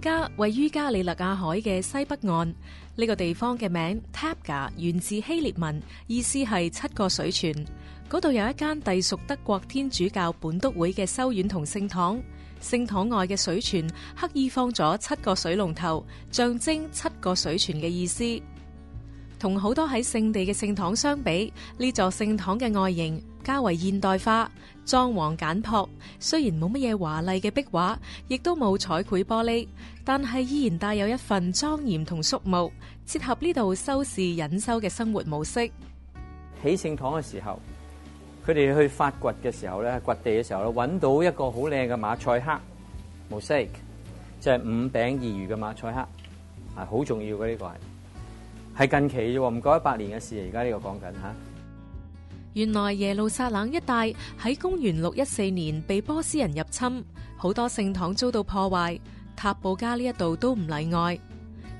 家位於加利勒亞海嘅西北岸，呢、這個地方嘅名 Tabga 源自希列文，意思係七個水泉。嗰度有一間隸屬德國天主教本篤會嘅修院同聖堂，聖堂外嘅水泉刻意放咗七個水龍頭，象徵七個水泉嘅意思。同好多喺聖地嘅聖堂相比，呢座聖堂嘅外形，較為現代化，裝潢簡樸，雖然冇乜嘢華麗嘅壁畫，亦都冇彩繪玻璃，但係依然帶有一份莊嚴同肅穆，適合呢度收視隱修嘅生活模式。起聖堂嘅時候，佢哋去發掘嘅時候咧，掘地嘅時候咧，搵到一個好靚嘅馬賽克 mosaic，就係五餅二魚嘅馬賽克，係好重要嘅呢個係，係近期啫，唔過一百年嘅事，而家呢個講緊吓。原來耶路撒冷一帶喺公元六一四年被波斯人入侵，好多聖堂遭到破壞，塔布加呢一度都唔例外。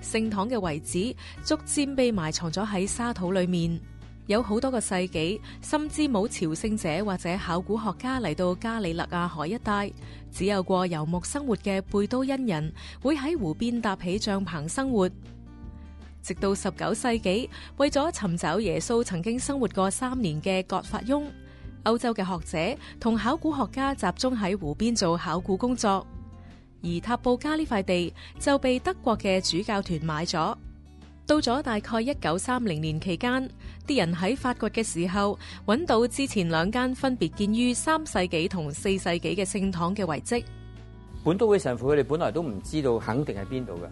聖堂嘅遺址逐漸被埋藏咗喺沙土裏面，有好多個世紀，甚至冇朝聖者或者考古學家嚟到加利勒亞海一帶，只有過遊牧生活嘅貝都因人會喺湖邊搭起帳篷生活。直到十九世紀，為咗尋找耶穌曾經生活過三年嘅葛法翁，歐洲嘅學者同考古學家集中喺湖邊做考古工作，而塔布加呢塊地就被德國嘅主教團買咗。到咗大概一九三零年期間，啲人喺發掘嘅時候，揾到之前兩間分別建於三世紀同四世紀嘅聖堂嘅遺跡。本都會神父佢哋本來都唔知道肯定係邊度噶，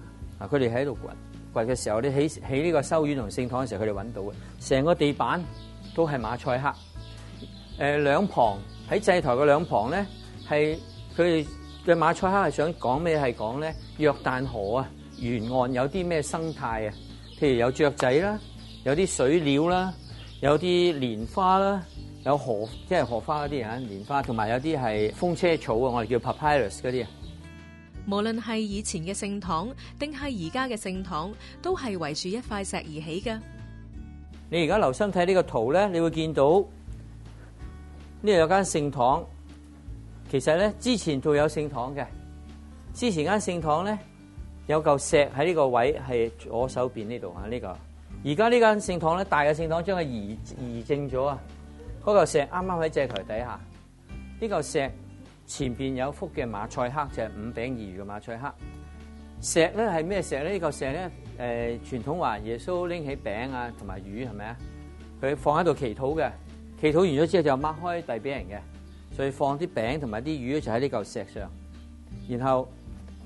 啊，佢哋喺度掘。嘅時候，你起起呢個修院同聖堂嘅時候，佢哋揾到嘅，成個地板都係馬賽克。誒、呃、兩旁喺祭台嘅兩旁咧，係佢哋對馬賽克係想講咩？係講咧，約旦河啊，沿岸有啲咩生態啊？譬如有雀仔啦、啊，有啲水鳥啦、啊，有啲蓮花啦、啊，有荷即係荷花嗰啲啊。蓮花，同埋有啲係風車草啊，我哋叫 papyrus 嗰啲啊。無論係以前嘅聖堂，定係而家嘅聖堂，都係圍住一塊石而起嘅。你而家留心睇呢個圖咧，你會見到呢度有一間聖堂，其實咧之前仲有聖堂嘅。之前的聖呢、這個、間聖堂咧有嚿石喺呢個位，係左手邊呢度啊。呢個而家呢間聖堂咧大嘅聖堂，將佢移移正咗啊。嗰嚿石啱啱喺石台底下，呢、這、嚿、個、石。前邊有幅嘅馬賽克就係、是、五餅二魚嘅馬賽克石咧，係咩石咧？石呢嚿石咧，誒、呃、傳統話耶穌拎起餅啊，同埋魚係咪啊？佢放喺度祈禱嘅，祈禱完咗之後就擘開遞俾人嘅，所以放啲餅同埋啲魚就喺呢嚿石上，然後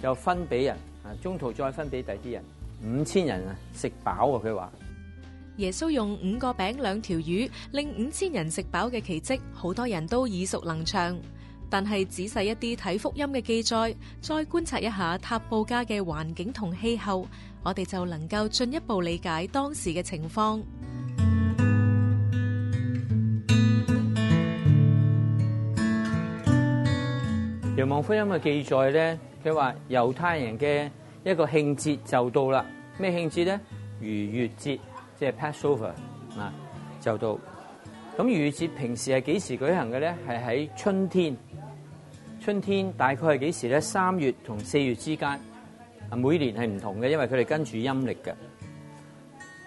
又分俾人啊，中途再分俾第啲人五千人啊食飽喎、啊，佢話耶穌用五個餅兩條魚令五千人食飽嘅奇蹟，好多人都耳熟能詳。但係仔細一啲睇福音嘅記載，再觀察一下塔布加嘅環境同氣候，我哋就能夠進一步理解當時嘅情況。《若望福音》嘅記載咧，佢話猶太人嘅一個慶節就到啦。咩慶節咧？逾越節，即係 Passover、啊、就到。咁逾越節平時係幾時舉行嘅咧？係喺春天。春天大概係幾時咧？三月同四月之間，啊，每年係唔同嘅，因為佢哋跟住陰曆嘅。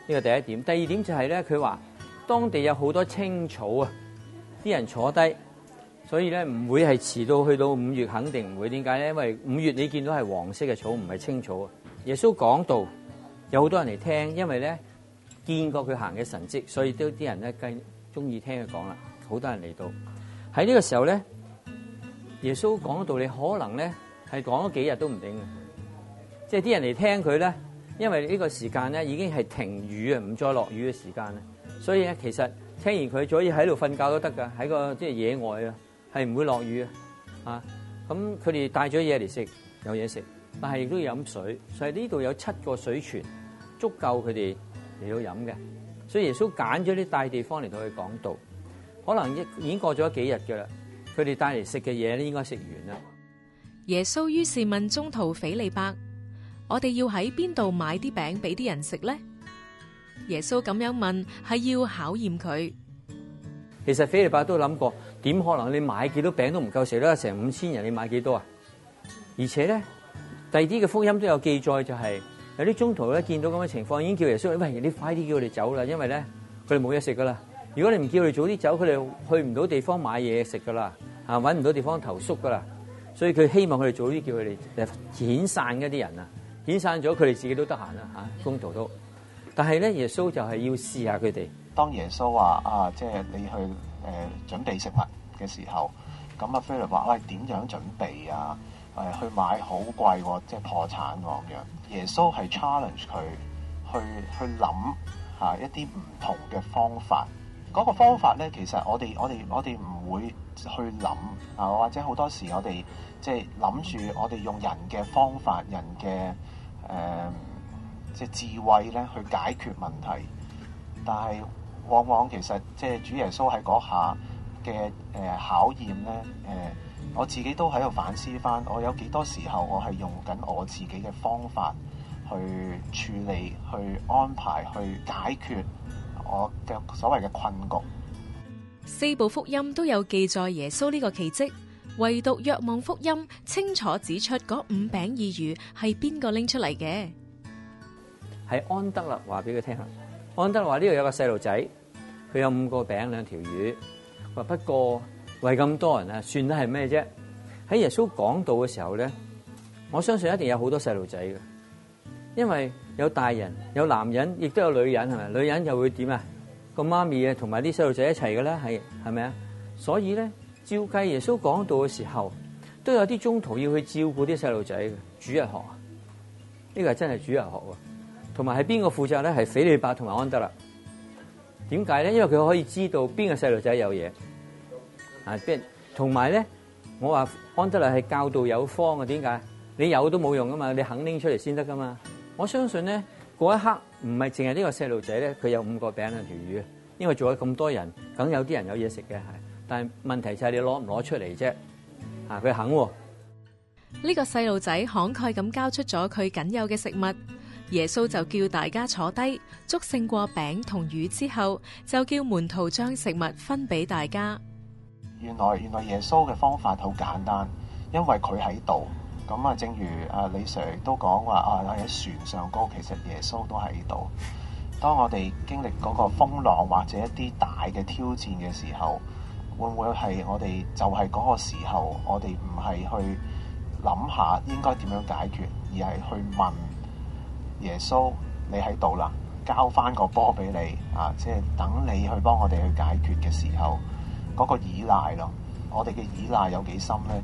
呢個第一點，第二點就係咧，佢話當地有好多青草啊，啲人坐低，所以咧唔會係遲到去到五月，肯定唔會。點解咧？因為五月你見到係黃色嘅草，唔係青草啊。耶穌講道，有好多人嚟聽，因為咧見過佢行嘅神蹟，所以都啲人咧跟中意聽佢講啦。好多人嚟到喺呢個時候咧。耶穌講道理可能咧係講咗幾日都唔定嘅，即係啲人嚟聽佢咧，因為呢個時間咧已經係停雨啊，唔再落雨嘅時間咧，所以咧其實聽完佢可以喺度瞓覺都得㗎，喺個即係野外啊，係唔會落雨啊，咁佢哋帶咗嘢嚟食，有嘢食，但係亦都要飲水，所以呢度有七個水泉，足夠佢哋嚟到飲嘅，所以耶穌揀咗啲大地方嚟到去講道，可能已經過咗幾日㗎啦。佢哋帶嚟食嘅嘢咧，應該食完啦。耶穌於是問中途腓力伯，我哋要喺邊度買啲餅俾啲人食咧？耶穌咁樣問係要考驗佢。其實腓力伯都諗過，點可能你買幾多餅都唔夠食啦？成五千人，你買幾多啊？而且咧，第二啲嘅福音都有記載，就係有啲中途咧見到咁嘅情況，已經叫耶穌，喂，你快啲叫我哋走啦，因為咧佢哋冇嘢食噶啦。如果你唔叫佢哋早啲走，佢哋去唔到地方買嘢食㗎喇，吓，揾唔到地方投宿㗎喇，所以佢希望佢哋早啲叫佢哋遣散一啲人啊，遣散咗佢哋自己都得閒啦吓，工、啊、作都。但係咧，耶穌就係要試下佢哋。當耶穌話啊，即、就、係、是、你去誒、呃、準備食物嘅時候，咁阿腓力話喂，點樣準備啊？誒、啊、去買好貴喎，即、就、係、是、破產喎咁樣。耶穌係 challenge 佢去去諗吓、啊、一啲唔同嘅方法。嗰個方法咧，其實我哋我哋我哋唔會去諗啊，或者好多時我哋即係諗住我哋用人嘅方法、人嘅呃即係智慧咧去解決問題。但係往往其實即係主耶穌喺嗰下嘅考驗咧、呃、我自己都喺度反思翻，我有幾多時候我係用緊我自己嘅方法去處理、去安排、去解決。我嘅所謂嘅困局，四部福音都有記載耶穌呢個奇蹟，唯獨若望福音清楚指出嗰五餅二魚係邊個拎出嚟嘅，係安德肋話俾佢聽下，安德肋話呢度有個細路仔，佢有五個餅兩條魚，話，不過餵咁多人啊，算得係咩啫？喺耶穌講道嘅時候咧，我相信一定有好多細路仔嘅，因為，有大人，有男人，亦都有女人，係咪？女人又會點啊？個媽咪啊，同埋啲細路仔一齊噶啦，係係咪啊？所以咧，照計耶穌講道嘅時候，都有啲中途要去照顧啲細路仔嘅主日學，呢、呢個係真係主日學啊！同埋係邊個負責咧？係腓力伯同埋安德勒。點解咧？因為佢可以知道邊個細路仔有嘢啊！邊同埋咧，我話安德勒係教導有方啊？點解？你有都冇用噶嘛？你肯拎出嚟先得噶嘛？我相信咧，嗰一刻唔係淨係呢個細路仔咧，佢有五個餅兩條魚，因為做咗咁多人，梗有啲人有嘢食嘅。但係問題就係你攞唔攞出嚟啫。啊，佢肯喎。呢個細路仔慷慨咁交出咗佢僅有嘅食物，耶穌就叫大家坐低，祝聖過餅同魚之後，就叫門徒將食物分俾大家。原來原來耶穌嘅方法好簡單，因為佢喺度。咁啊，正如啊李 Sir 都講話啊，喺船上高，其實耶穌都喺度。當我哋經歷嗰個風浪或者一啲大嘅挑戰嘅時候，會唔會係我哋就係嗰個時候，我哋唔係去諗下應該點樣解決，而係去問耶穌你喺度啦，交翻個波俾你啊，即係等你去幫我哋去解決嘅時候，嗰個依賴咯。我哋嘅依賴有幾深咧？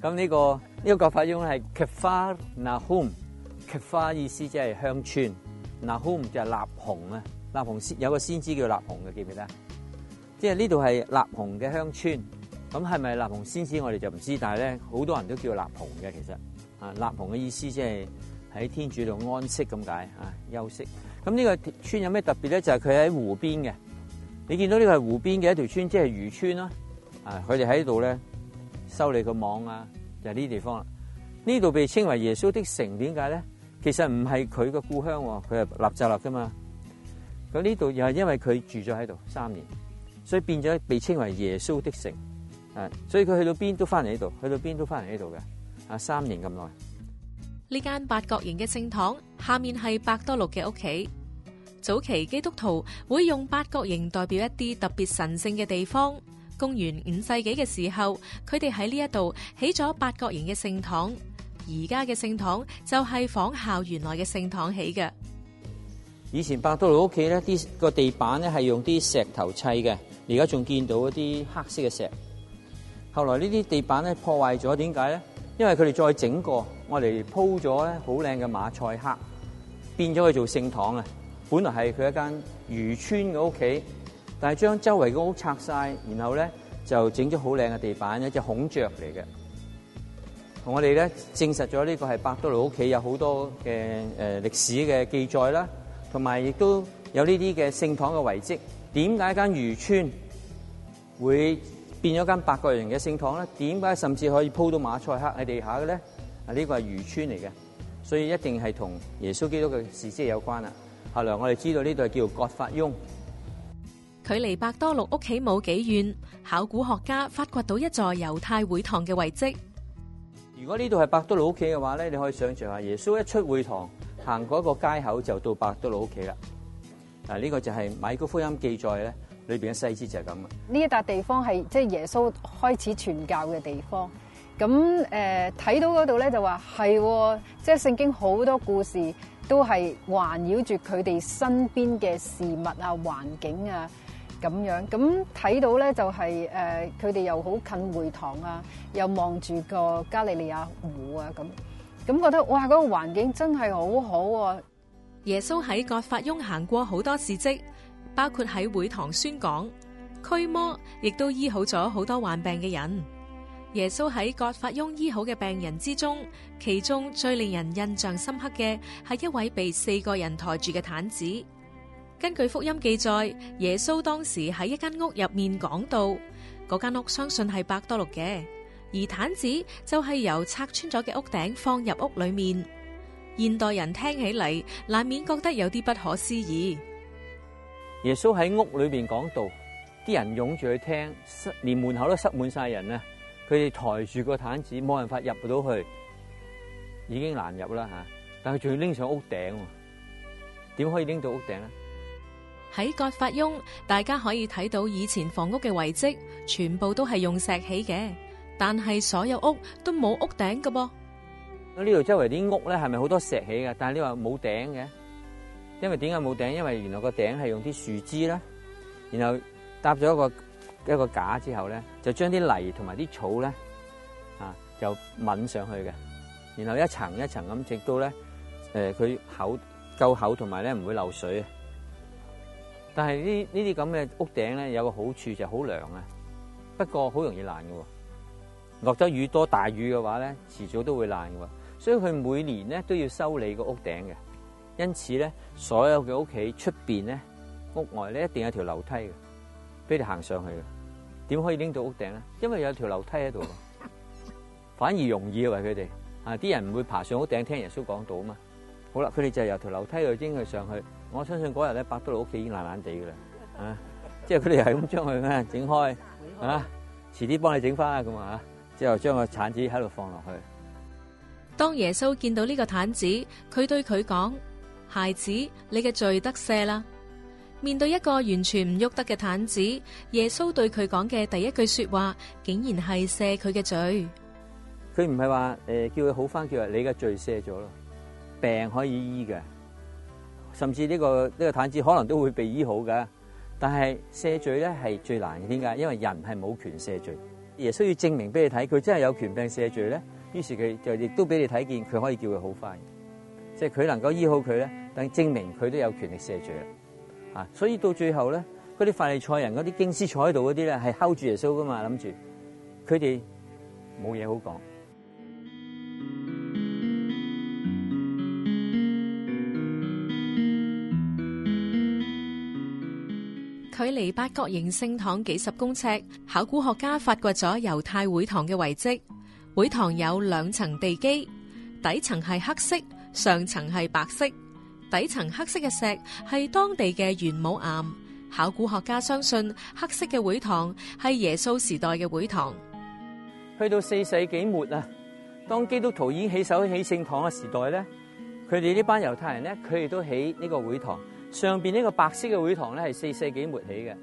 咁呢個，呢個發音係 Kafar Nahum，Kafar 意思即係鄉村，Nahum 就係納鴻啊，納鴻先有個先知叫納鴻嘅，記唔記得？即係呢度係納鴻嘅鄉村，咁係咪納鴻先知？我哋就唔知，但係咧好多人都叫納鴻嘅其實，啊納鴻嘅意思即係喺天主度安息咁解啊，休息。咁呢個村有咩特別咧？就係佢喺湖邊嘅，你見到呢個係湖邊嘅一條村，即係漁村啦。啊，佢哋喺度咧。修理個網啊，就係呢啲地方啦。呢度被稱為耶穌的城，點解咧？其實唔係佢嘅故鄉，佢係納匝肋噶嘛。咁呢度又係因為佢住咗喺度三年，所以變咗被稱為耶穌的城。啊，所以佢去到邊都翻嚟呢度，去到邊都翻嚟呢度嘅啊，三年咁耐。呢間八角形嘅聖堂，下面係伯多祿嘅屋企。早期基督徒會用八角形代表一啲特別神聖嘅地方。公元五世紀嘅時候，佢哋喺呢一度起咗八角形嘅聖堂，而家嘅聖堂就係仿校園內嘅聖堂起嘅。以前伯多祿屋企咧，啲個地板咧係用啲石頭砌嘅，而家仲見到一啲黑色嘅石。後來呢啲地板咧破壞咗，點解咧？因為佢哋再整過，我哋鋪咗咧好靚嘅馬賽克，變咗去做聖堂啊！本來係佢一間漁村嘅屋企。但係將周圍嘅屋拆晒，然後咧就整咗好靚嘅地板，一隻孔雀嚟嘅。同我哋咧證實咗呢個係伯多祿屋企，有好多嘅誒歷史嘅記載啦，同埋亦都有呢啲嘅聖堂嘅遺跡。點解間漁村會變咗間八角形嘅聖堂咧？點解甚至可以鋪到馬賽克喺地下嘅咧？啊，呢個係漁村嚟嘅，所以一定係同耶穌基督嘅事跡有關啦。後來我哋知道呢度係叫葛法翁。距離伯多祿屋企冇幾遠，考古學家發掘到一座猶太會堂嘅遺跡。如果呢度係伯多祿屋企嘅話咧，你可以想象下耶穌一出會堂，行過一個街口就到伯多祿屋企啦。嗱，呢個就係、是《米高福音》記載咧裏邊嘅細節就係咁啊。呢一笪地方係即係耶穌開始傳教嘅地方。咁誒，睇、呃、到嗰度咧就話係，即係、哦就是、聖經好多故事都係環繞住佢哋身邊嘅事物啊、環境啊。咁樣咁睇到咧，就是，就係誒，佢哋又好近會堂啊，又望住個加利利亞湖啊，咁咁覺得哇，嗰，那個環境真係好好啊。耶穌喺葛法翁行過好多事蹟，包括喺會堂宣講、驅魔，亦都醫好咗好多患病嘅人。耶穌喺葛法翁醫好嘅病人之中，其中最令人印象深刻嘅係一位被四個人抬住嘅癱子。根據福音記載，耶穌當時喺一間屋入面講道，嗰間屋相信係伯多祿嘅，而毯子就係由拆穿咗嘅屋頂放入屋裏面。現代人聽起嚟，難免覺得有啲不可思議。耶穌喺屋裏面講道，啲人湧住去聽，連門口都塞滿晒人啦。佢哋抬住個毯子，冇辦法入到去，已經難入啦吓。但係仲要拎上屋頂，點可以拎到屋頂咧？喺割法翁，大家可以睇到以前房屋嘅遺蹟，全部都係用石起嘅，但係所有屋都冇屋頂噶噃。咁呢度周圍啲屋咧，係咪好多石起嘅？但係呢度冇頂嘅，因為點解冇頂？因為原來個頂係用啲樹枝啦，然後搭咗一個一個架之後咧，就將啲泥同埋啲草咧，啊，就搵上去嘅，然後一層一層咁，直到咧，誒，佢口夠厚同埋咧唔會漏水。但係呢呢啲咁嘅屋頂咧，有個好處就係好涼啊。不過好容易爛嘅、啊，落咗雨多、大雨嘅話咧，遲早都會爛嘅、啊。所以佢每年咧都要修理個屋頂嘅。因此咧，所有嘅屋企出邊咧，屋外咧一定有條樓梯嘅，俾你行上去嘅。點可以拎到屋頂咧？因為有條樓梯喺度，反而容易啊！喂佢哋啊，啲人唔會爬上屋頂聽耶穌講道啊嘛。好啦，佢哋就由條樓梯度拎佢上去。我相信嗰日咧，伯多祿屋企已經爛爛地噶啦， 啊！即係佢哋係咁將佢咩整開， 啊！遲啲幫你整翻啊！咁啊，之後將個毯子喺度放落去。當耶穌見到呢個毯子，佢對佢講：孩子，你嘅罪得赦啦！面對一個完全唔喐得嘅毯子，耶穌對佢講嘅第一句說話，竟然係赦佢嘅罪。佢唔係話誒叫佢好翻，叫話你嘅罪赦咗咯，病可以醫嘅。甚至呢、這個呢、這個癱子可能都會被醫好嘅，但係赦罪咧係最難嘅點解？因為人係冇權赦罪，耶穌要證明俾你睇佢真係有權柄赦罪咧。於是佢就亦都俾你睇見佢可以叫佢好返，即係佢能夠醫好佢咧。等係證明佢都有權力赦罪啦。啊，所以到最後咧，嗰啲法利賽人嗰啲經師坐喺度嗰啲咧係 hold 住耶穌噶嘛，諗住佢哋冇嘢好講。距離八角形聖堂幾十公尺，考古學家發掘咗猶太會堂嘅遺跡。會堂有兩層地基，底層係黑色，上層係白色。底層黑色嘅石係當地嘅玄武岩。考古學家相信黑色嘅會堂係耶穌時代嘅會堂。去到四世紀末啊，當基督徒已經起手起聖堂嘅時代咧，佢哋呢班猶太人咧，佢哋都喺呢個會堂。上邊呢個白色嘅會堂咧係四世紀末起嘅。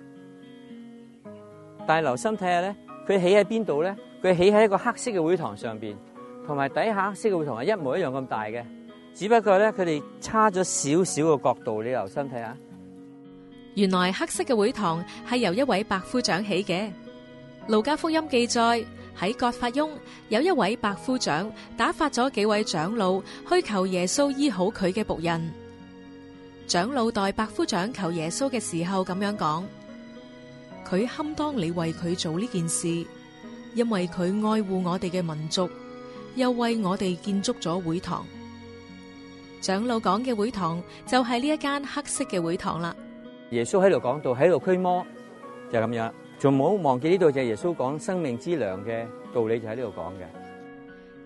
但係留心睇下咧，佢起喺邊度咧？佢起喺一個黑色嘅會堂上邊，同埋底下黑色嘅會堂係一模一樣咁大嘅，只不過咧佢哋差咗少少嘅角度。你留心睇下，原來黑色嘅會堂係由一位百夫長起嘅。路加福音記載喺葛法翁有一位百夫長打發咗幾位長老去求耶穌醫好佢嘅僕人。長老代百夫長求耶穌嘅時候，咁樣講：佢堪當你為佢做呢件事，因為佢愛護我哋嘅民族，又為我哋建築咗會堂。長老講嘅會堂就係呢一間黑色嘅會堂啦。耶穌喺度講到，喺度驅魔就咁樣，仲唔好忘記呢度就係耶穌講生命之糧嘅道理，就喺呢度講嘅。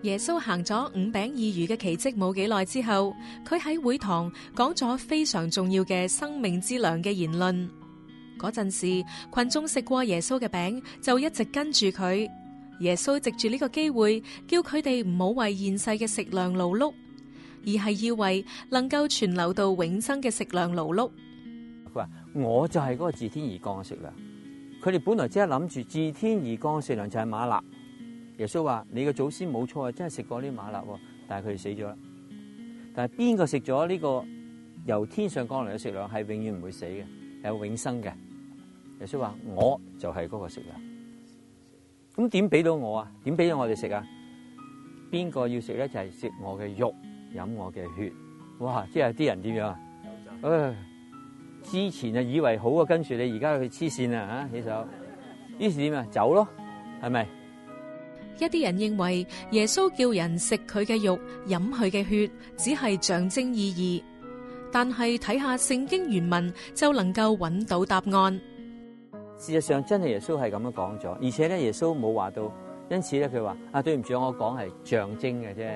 耶穌行咗五餅二魚嘅奇蹟冇幾耐之後，佢喺會堂講咗非常重要嘅生命之糧嘅言論。嗰陣時，群眾食過耶穌嘅餅，就一直跟住佢。耶穌藉住呢個機會，叫佢哋唔好為現世嘅食糧勞碌，而係要為能夠存留到永生嘅食糧勞碌。佢話：我就係嗰個自天而降嘅食糧。佢哋本來只係諗住自天而降食糧就係馬納。耶穌話：你個祖先冇錯啊，真係食過啲馬辣，但係佢哋死咗啦。但係邊個食咗呢個由天上降嚟嘅食糧，係永遠唔會死嘅，係有永生嘅。耶穌話：我就係嗰個食糧。咁點俾到我啊？點俾咗我哋食啊？邊個要食咧？就係食我嘅肉，飲我嘅血。哇！即係啲人點樣啊？唉，之前啊以為好啊，跟住你而家去黐線啊！吓，起手。於是點啊？走咯，係咪？一啲人認為耶穌叫人食佢嘅肉、飲佢嘅血，只係象徵意義。但係睇下聖經原文就能夠揾到答案。事實上真係耶穌係咁樣講咗，而且咧耶穌冇話到，因此咧佢話啊，對唔住，我講係象徵嘅啫，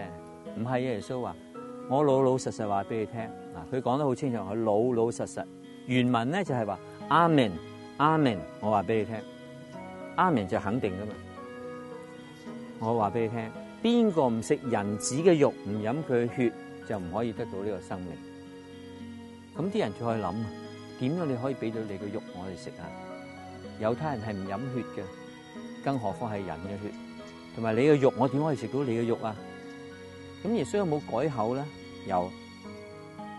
唔係耶穌話，我老老實實話俾你聽嗱，佢講得好清楚，佢老老實實原文咧就係話阿明阿明，我話俾你聽，阿明就肯定噶嘛。我話俾你聽，邊個唔食人子嘅肉，唔飲佢嘅血，就唔可以得到呢個生命。咁啲人就去諗點樣你可以俾到你嘅肉我哋食啊？猶太人係唔飲血嘅，更何況係人嘅血，同埋你嘅肉，我點可以食到你嘅肉啊？咁耶穌有冇改口咧？有，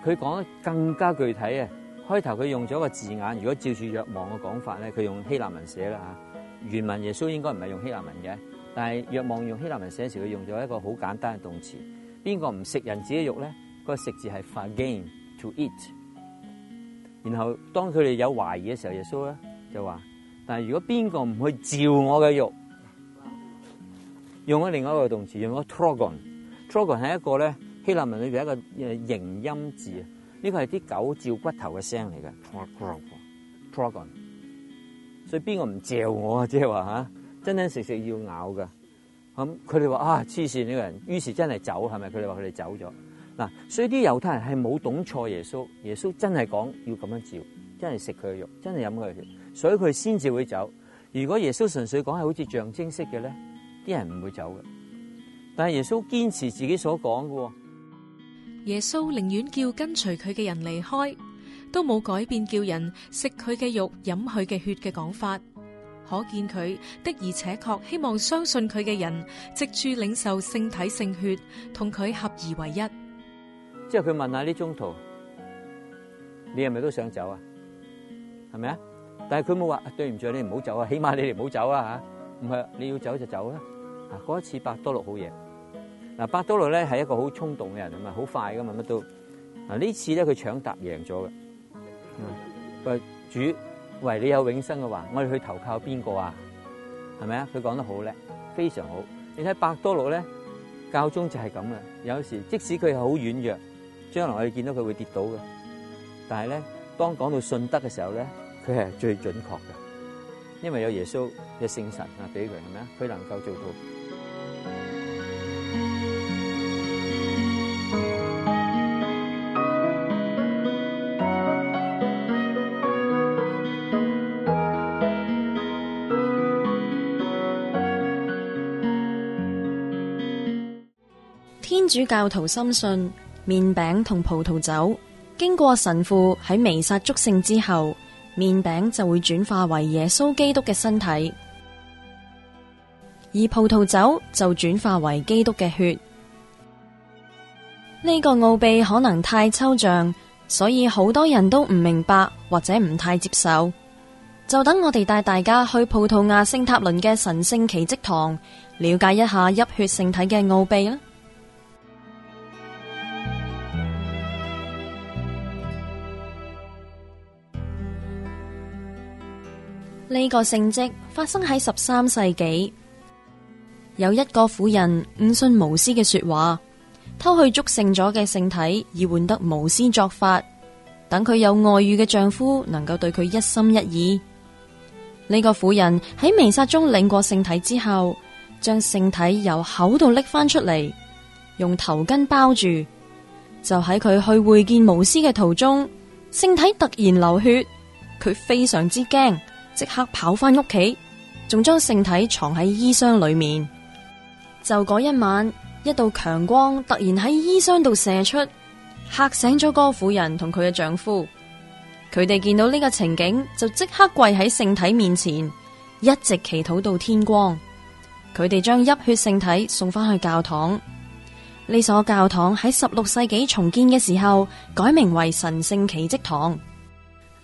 佢講得更加具體啊！開頭佢用咗個字眼，如果照住若望嘅講法咧，佢用希臘文寫啦吓。原文耶穌應該唔係用希臘文嘅。但係若望用希臘文寫時候，佢用咗一個好簡單嘅動詞。邊個唔食人子嘅肉咧？個食字係 phagein to eat。然後當佢哋有懷疑嘅時候，耶穌咧就話：，但係如果邊個唔去嚼我嘅肉，用咗另外一個動詞，用咗 trogon。trogon 係一個咧希臘文裏邊一個形音字，呢個係啲狗嚼骨頭嘅聲嚟嘅。trogon，所以邊個唔嚼我啊？即係話吓。真真正正要咬㗎，咁佢哋話啊黐線，呢個人，於是真係走係咪？佢哋話佢哋走咗嗱，所以啲猶太人係冇懂錯耶穌，耶穌真係講要咁樣照，真係食佢嘅肉，真係飲佢嘅血，所以佢先至會走。如果耶穌純粹講係好似象徵式嘅咧，啲人唔會走嘅。但係耶穌堅持自己所講嘅，耶穌寧願叫跟隨佢嘅人離開，都冇改變叫人食佢嘅肉、飲佢嘅血嘅講法。可見佢的而且確希望相信佢嘅人，藉住領受聖體聖血，同佢合而為一。之後佢問下呢中途：「你係咪都想走啊？係咪啊？但係佢冇話對唔住你唔好走啊，起碼你哋唔好走啊吓。唔係，你要走就走啦，啊。嗰一次伯多祿好嘢。嗱，伯多祿咧係一個好衝動嘅人，係咪？好快噶嘛乜都。嗱呢次咧佢搶答贏咗嘅。嗯，佢話主。喂，你有永生嘅話，我哋去投靠邊個啊？係咪啊？佢講得好叻，非常好。你睇百多祿咧，教宗就係咁啦。有時即使佢係好軟弱，將來我哋見到佢會跌倒嘅。但係咧，當講到信德嘅時候咧，佢係最準確嘅，因為有耶穌嘅聖神啊俾佢，係咪啊？佢能夠做到。天主教徒深信麵餅同葡萄酒經過神父喺彌撒祝聖之後，麵餅就會轉化為耶穌基督嘅身體，而葡萄酒就轉化為基督嘅血。呢個奧秘可能太抽象，所以好多人都唔明白或者唔太接受。就等我哋帶大家去葡萄牙聖塔倫嘅神聖奇蹟堂，了解一下泣血聖體嘅奧秘啦。呢、這個聖蹟發生喺十三世紀，有一個婦人誤信巫師嘅說話，偷去祝聖咗嘅聖體，以換得巫師作法，等佢有外遇嘅丈夫能夠對佢一心一意。呢、這個婦人喺彌撒中領過聖體之後，將聖體由口度拎返出嚟，用頭巾包住，就喺佢去會見巫師嘅途中，聖體突然流血，佢非常之驚。即刻跑翻屋企，仲將聖體藏喺衣箱裏面。就嗰一晚，一道強光突然喺衣箱度射出，吓醒咗郭夫人同佢嘅丈夫。佢哋見到呢個情景，就即刻跪喺聖體面前，一直祈禱到天光。佢哋將泣血聖體送翻去教堂。呢所教堂喺十六世紀重建嘅時候，改名為神聖奇蹟堂。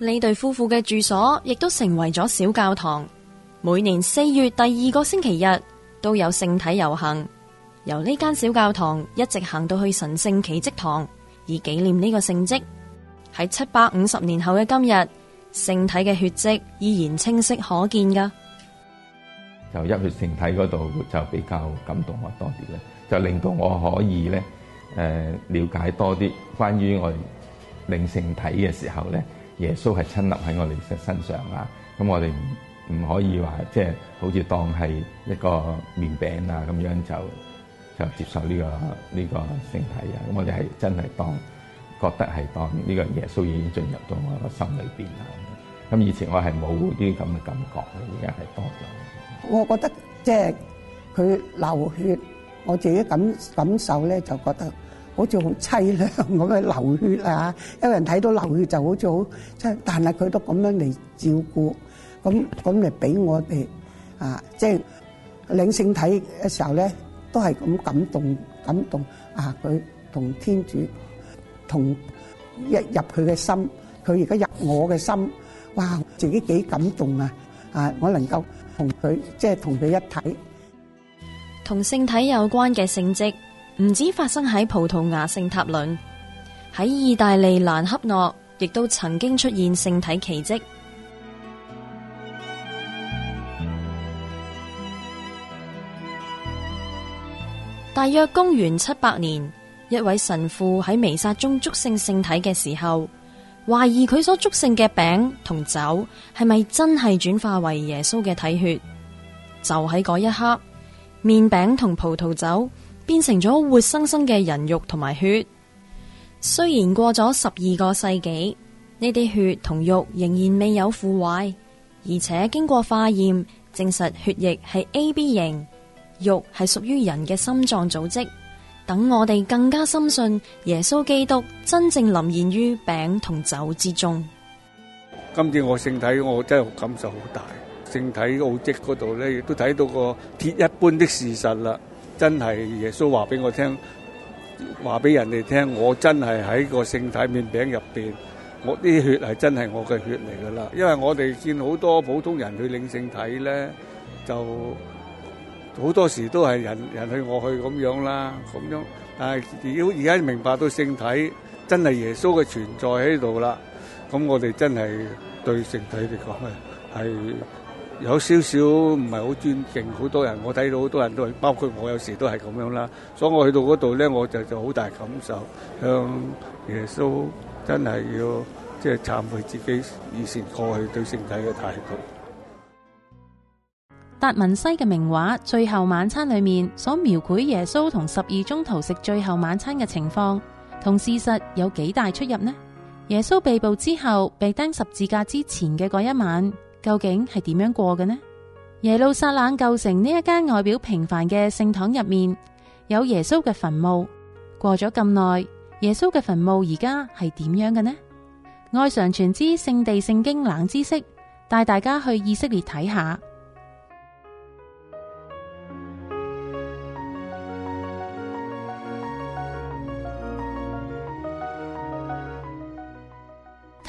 呢對夫婦嘅住所亦都成為咗小教堂，每年四月第二個星期日都有聖體遊行，由呢間小教堂一直行到去神聖奇蹟堂，以紀念呢個聖蹟。喺七百五十年後嘅今日，聖體嘅血跡依然清晰可見噶。就入去聖體嗰度就比較感動我多啲咧，就令到我可以咧誒，了解多啲關於我領聖體嘅時候咧。耶穌係親臨喺我哋身上，就是、啊！咁我哋唔唔可以話即係好似當係一個麵餅啊，咁樣就就接受呢個呢個聖體啊！咁我哋係真係當覺得係當呢個耶穌已經進入到我個心裏邊啦！咁以前我係冇啲咁嘅感覺，而家係多咗。我覺得即係佢流血，我自己感感受咧就覺得。好似好淒涼咁去流血啊！一個人睇到流血就好似好即係，但係佢都咁樣嚟照顧，咁咁嚟俾我哋啊！即係領聖體嘅時候咧，都係咁感動感動啊！佢同天主同一入佢嘅心，佢而家入我嘅心，哇！自己幾感動啊！啊，我能夠同佢即係同佢一體，同聖體有關嘅聖職。唔止發生喺葡萄牙聖塔倫，喺意大利蘭恰諾，亦都曾經出現聖體奇迹。 大約公元七百年，一位神父喺彌撒中祝聖聖體嘅時候，懷疑佢所祝聖嘅餅同酒係咪真係轉化為耶穌嘅體血。就喺嗰一刻，麵餅同葡萄酒。變成咗活生生嘅人肉同埋血，雖然過咗十二個世紀，呢啲血同肉仍然未有腐壞，而且經過化驗證實血液係 AB 型，肉係屬於人嘅心臟組織，等我哋更加深信耶穌基督真正臨現於餅同酒之中。今次我聖體，我真係感受好大。聖體奧迹嗰度呢，亦都睇到個鐵一般的事實啦。真係耶穌話俾我聽，話俾人哋聽，我真係喺個聖體麵餅入面，我啲血係真係我嘅血嚟㗎啦。因為我哋見好多普通人去領聖體咧，就好多時都係人人去我去咁樣啦，咁樣。但係而而家明白到聖體真係耶穌嘅存在喺度啦，咁我哋真係對聖體嚟講係。有少少唔係好尊敬，好多人，我睇到好多人都係包括我有時都係咁樣啦。所以我去到嗰度咧，我就就好大感受，向耶穌真係要即係懺悔自己以前過去對聖體嘅態度。達文西嘅名畫《最後晚餐》裏面所描繪耶穌同十二宗徒食最後晚餐嘅情況，同事實有幾大出入呢？耶穌被捕之後被釘十字架之前嘅嗰一晚，究竟係點樣過嘅呢？耶路撒冷舊城呢一間外表平凡嘅聖堂入面，有耶穌嘅墳墓。過咗咁耐，耶穌嘅墳墓而家係點樣嘅呢？愛常傳之聖地聖經冷知識，帶大家去以色列睇下。